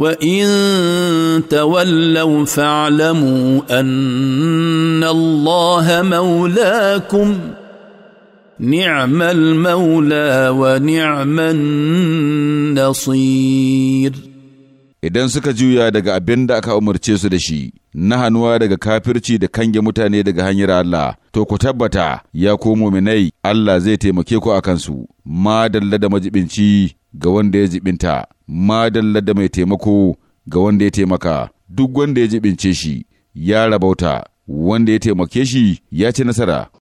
وان تولوا فاعلموا ان الله مولاكم نعم المولى ونعم النصير idan suka juya daga abin da aka umarce su da shi na hannuwa daga kafirci da kange mutane daga hanyar Allah to ku tabbata ya ko muminai Allah zai taimake ku a kansu ma dalla da majibinci ga wanda ya jibinta, madalla da mai taimako ga wanda ya taimaka, duk wanda ya jibince shi ya rabauta, wanda ya taimake shi ya ci nasara.